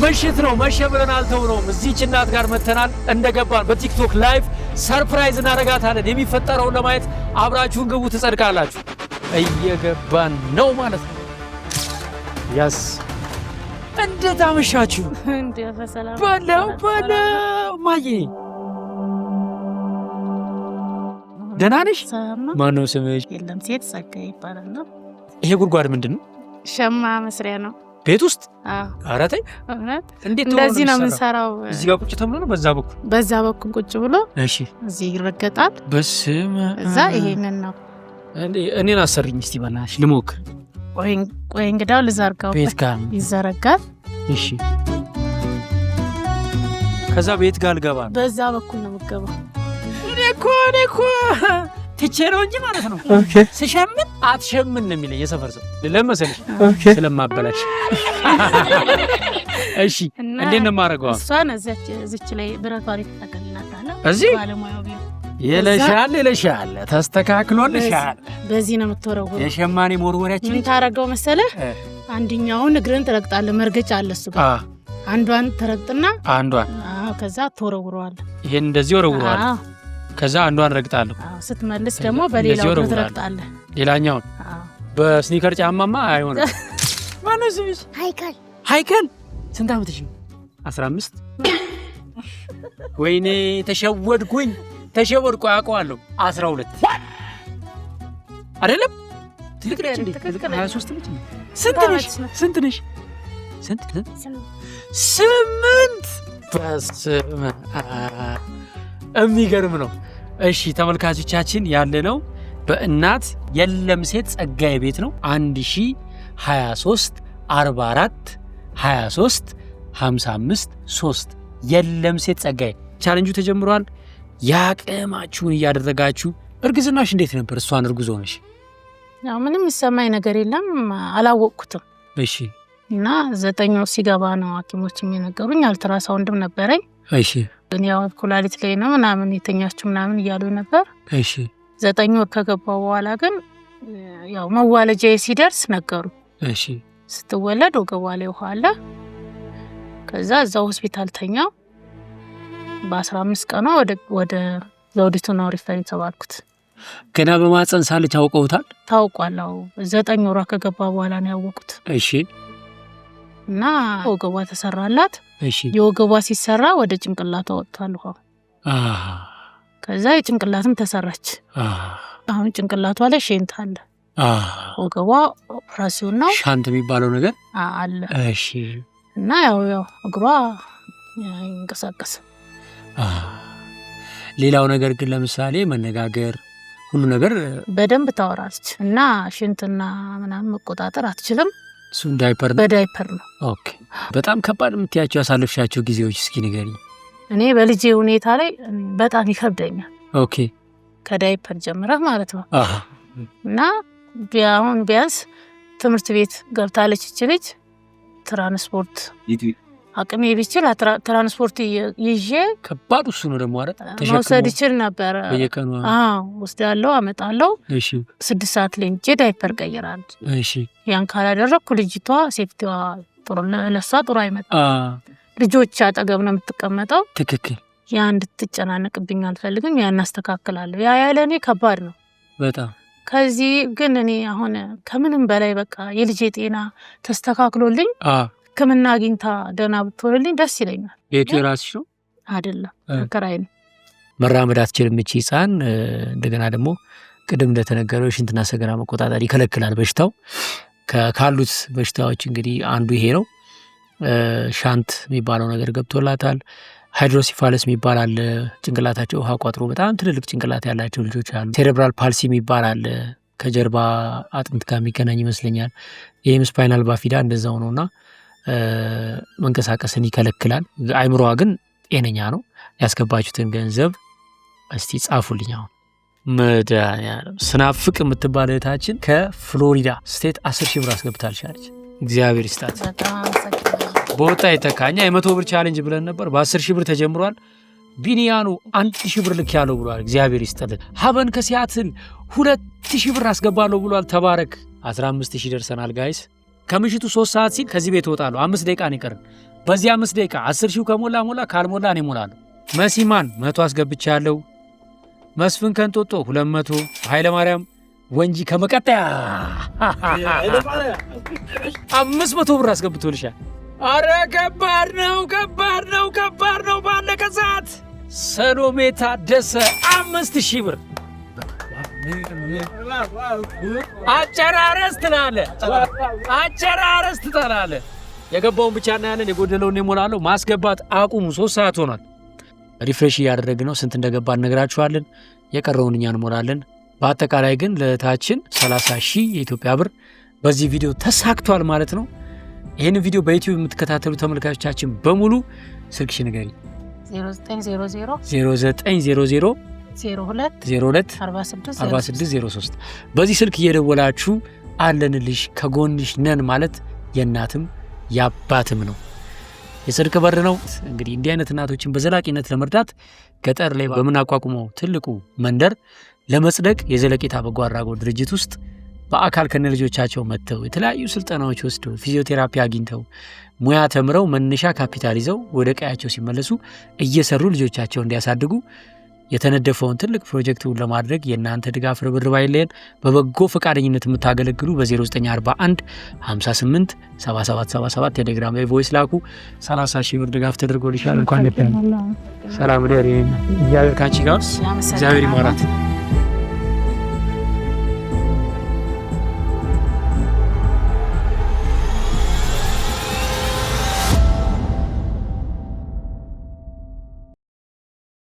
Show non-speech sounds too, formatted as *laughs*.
ምሽት ነው መሸ ብለን አልተውነውም። እዚች እናት ጋር መተናል። እንደገባን በቲክቶክ ላይቭ ሰርፕራይዝ እናደርጋታለን። የሚፈጠረውን ለማየት አብራችሁን ግቡ፣ ትጸድቃላችሁ። እየገባን ነው ማለት ነው። ያስ እንዴት አመሻችሁ? በለው በለው ማየ ደህና ነሽ? ማነው ስምሽ? የለም ሴት ጸጋ ይባላል። ይሄ ጉድጓድ ምንድን ነው? ሸማ መስሪያ ነው። ቤት ውስጥ አራተኝ እንዴት እንደዚህ ነው የምንሰራው? እዚህ ጋር ቁጭ ተብሎ ነው በዛ በኩል በዛ በኩል ቁጭ ብሎ እሺ፣ እዚህ ይረገጣል። በስም እዛ ይሄንን ነው እኔን አሰርኝ እስቲ በናትሽ ልሞክር። ቆይ እንግዳው ልዘርጋው። ቤት ጋር ይዘረጋል። እሺ፣ ከዛ ቤት ጋር ልገባ በዛ በኩል ነው የምገባው እኔ እኮ እኔ እኮ ትቼ ነው እንጂ ማለት ነው። ስሸምን አትሸምን ነው የሚለኝ የሰፈር ሰው ለመሰለሽ ስለማበላሽ። *laughs* እሺ እንዴት ነው የማደርገው? እሷን እዚች ላይ ብረቷን የተጠቀልናታለ እዚህ ይለሻል ይለሻል፣ ተስተካክሎልሻል። በዚህ ነው የምትወረው። የሸማኔ መወርወሪያችን ምን ታረገው መሰለህ? አንድኛውን እግርን ትረግጣለህ። መርገጫ አለ እሱ ጋር። አንዷን ትረግጥና አንዷን ከዛ ትወረውረዋለህ። ይሄን እንደዚህ ወረውረዋለህ ከዛ አንዷን ረግጣለሁ። ስትመልስ ደግሞ በሌላው እግር ትረግጣለህ ሌላኛውን። በስኒከር ጫማማ አይሆንም። *laughs* ማነው ስምሽ? ሀይከል። ሀይከል ስንት ዓመትሽ ነው? አስራ አምስት ወይኔ ተሸወድኩኝ፣ ተሸወድኩ። አውቀዋለሁ። አስራ ሁለት አይደለም ትልቅ ላይ ሀያ ሦስት ነች። ስንት ነሽ? ስንት ነሽ? ስንት ስምንት በስመ የሚገርም ነው። እሺ ተመልካቾቻችን ያለነው በእናት የለም ሴት ጸጋዬ ቤት ነው 1023 44 23 55 3 የለም ሴት ጸጋዬ ቻለንጁ ተጀምሯል። ያቅማችሁን እያደረጋችሁ እርግዝናሽ እንዴት ነበር? እሷን እርጉዞ ነሽ? ምንም የሚሰማኝ ነገር የለም አላወቅኩትም። እሺ እና ዘጠኝ ሲገባ ነው ሐኪሞች የነገሩኝ። አልትራሳውንድም ነበረኝ እሺ እኔ ያው ኩላሊት ላይ ነው ምናምን የተኛችው ምናምን እያሉ ነበር። እሺ ዘጠኝ ወር ከገባ በኋላ ግን ያው መዋለጃ ሲደርስ ነገሩ። እሺ ስትወለድ ወገቧ ላይ ውሃ አለ። ከዛ እዛ ሆስፒታል ተኛው። በአስራ አምስት ቀኗ ወደ ዘውዲቱ ነው ሪፈር ተባልኩት። ገና በማፀን ሳለች አውቀውታል? ታውቋል። ዘጠኝ ወሯ ከገባ በኋላ ነው ያወቁት። እሺ እና ወገቧ ተሰራላት። የወገቧ ሲሰራ ወደ ጭንቅላቷ ወጥቷል ውሃው። ከዛ የጭንቅላትም ተሰራች። አሁን ጭንቅላቷ ላይ ሼንት አለ። ወገቧ ኦፕራሲዮን ነው ሻንት የሚባለው ነገር አለ። እሺ። እና ያው ያው እግሯ ይንቀሳቀስ። ሌላው ነገር ግን ለምሳሌ መነጋገር ሁሉ ነገር በደንብ ታወራለች እና ሽንትና ምናምን መቆጣጠር አትችልም። እሱን ዳይፐር በዳይፐር ነው። ኦኬ። በጣም ከባድ የምትያቸው ያሳለፍሻቸው ጊዜዎች እስኪ ንገሪኝ። እኔ በልጄ ሁኔታ ላይ በጣም ይከብደኛል። ኦኬ። ከዳይፐር ጀምረህ ማለት ነው እና አሁን ቢያንስ ትምህርት ቤት ገብታለች ልጅ ትራንስፖርት አቅሜ ቢችል ትራንስፖርት ይዤ ከባድ እሱ ነው ደግሞ መውሰድ ይችል ነበረ። በየቀኑ ወስዳለሁ፣ አመጣለው። ስድስት ሰዓት ላይ ሄጄ ዳይፐር ቀይራል። ያን ካላደረግኩ ልጅቷ ሴፍቲዋ ጥሩ ለእሷ ጥሩ አይመጣም። ልጆች አጠገብ ነው የምትቀመጠው። ትክክል። ያ እንድትጨናነቅብኝ አልፈልግም። ያ እናስተካክላለሁ። ያ ያለ እኔ ከባድ ነው በጣም ከዚህ ግን እኔ አሁን ከምንም በላይ በቃ የልጄ ጤና ተስተካክሎልኝ ሕክምና አግኝታ ደህና ብትሆንልኝ ደስ ይለኛል። ቤቱ የራስሽ ነው አይደለም? ተከራይ ነው። መራመድ አትችልም እቺ ሕፃን። እንደገና ደግሞ ቅድም እንደተነገረው የሽንትና ሰገራ መቆጣጠር ይከለክላል በሽታው። ካሉት በሽታዎች እንግዲህ አንዱ ይሄ ነው። ሻንት የሚባለው ነገር ገብቶላታል። ሃይድሮሲፋለስ የሚባል አለ። ጭንቅላታቸው ውሃ ቋጥሮ በጣም ትልልቅ ጭንቅላት ያላቸው ልጆች አሉ። ሴሬብራል ፓልሲ የሚባል አለ። ከጀርባ አጥንት ጋር የሚገናኝ ይመስለኛል። ይህም ስፓይናል ባፊዳ እንደዛው ነው እና መንቀሳቀስን ይከለክላል። አይምሮዋ ግን ጤነኛ ነው። ያስገባችሁትን ገንዘብ እስቲ ጻፉልኝ። አሁን መድኃኒዓለም ስናፍቅ የምትባል እህታችን ከፍሎሪዳ ስቴት አስር ሺህ ብር አስገብታልሻለች። እግዚአብሔር ይስጣት። በወጣ የተካኛ የመቶ ብር ቻሌንጅ ብለን ነበር። በአስር ሺህ ብር ተጀምሯል። ቢኒያኑ አንድ ሺህ ብር ልክ ያለው ብሏል። እግዚአብሔር ይስጥልን። ሀበን ከሲያትል ሁለት ሺህ ብር አስገባለሁ ብሏል። ተባረክ። 15 ሺህ ደርሰናል ጋይስ ከምሽቱ ሶስት ሰዓት ሲል ከዚህ ቤት እወጣለሁ። አምስት ደቂቃ ነው የቀረን። በዚህ አምስት ደቂቃ አስር ሺው ከሞላ ሞላ፣ ካልሞላ እኔ እሞላለሁ። መሲማን መቶ አስገብቻለሁ። መስፍን ከንጦጦ ሁለት መቶ ኃይለማርያም ወንጂ ከመቀጠያ አምስት መቶ ብር አስገብቶልሻል። አረ ከባድ ነው፣ ከባድ ነው፣ ከባድ ነው። ባለቀ ሰዓት ሰሎሜ ታደሰ አምስት ሺህ ብር አጨራረስ ትላለህ፣ አጨራረስ ትጠላለህ። የገባውን ብቻ እናያለን፣ የጎደለውን እሞላለሁ። ማስገባት አቁሙ። ሶስት ሰዓት ሆኗል። ሪፍሬሽ እያደረግን ነው። ስንት እንደገባ እነግራችኋለን። የቀረውን እኛ እንሞላለን። በአጠቃላይ ግን ለእህታችን 30 ሺህ የኢትዮጵያ ብር በዚህ ቪዲዮ ተሳክቷል ማለት ነው። ይህን ቪዲዮ በዩትዩብ የምትከታተሉ ተመልካቾቻችን በሙሉ ስልክሽ ንገሪ 0900 02 በዚህ ስልክ እየደወላችሁ አለንልሽ ከጎንሽ ነን ማለት የእናትም የአባትም ነው። የስልክ በር ነው። እንግዲህ እንዲህ አይነት እናቶችን በዘላቂነት ለመርዳት ገጠር ላይ በምናቋቁመው ትልቁ መንደር ለመጽደቅ የዘለቄታ በጎ አድራጎት ድርጅት ውስጥ በአካል ከነልጆቻቸው መጥተው የተለያዩ ስልጠናዎች ወስደው ፊዚዮቴራፒ አግኝተው ሙያ ተምረው መነሻ ካፒታል ይዘው ወደ ቀያቸው ሲመለሱ እየሰሩ ልጆቻቸው እንዲያሳድጉ የተነደፈውን ትልቅ ፕሮጀክቱን ለማድረግ የእናንተ ድጋፍ ርብርብ አይለየን። በበጎ ፈቃደኝነት የምታገለግሉ በ0941 58 7777 ቴሌግራም ላይ ቮይስ ላኩ። 30 ሺህ ብር ድጋፍ ተደርጎልሻል። እንኳን ሰላም ደር እግዚአብሔር ካንቺ ጋር እግዚአብሔር ይማራት።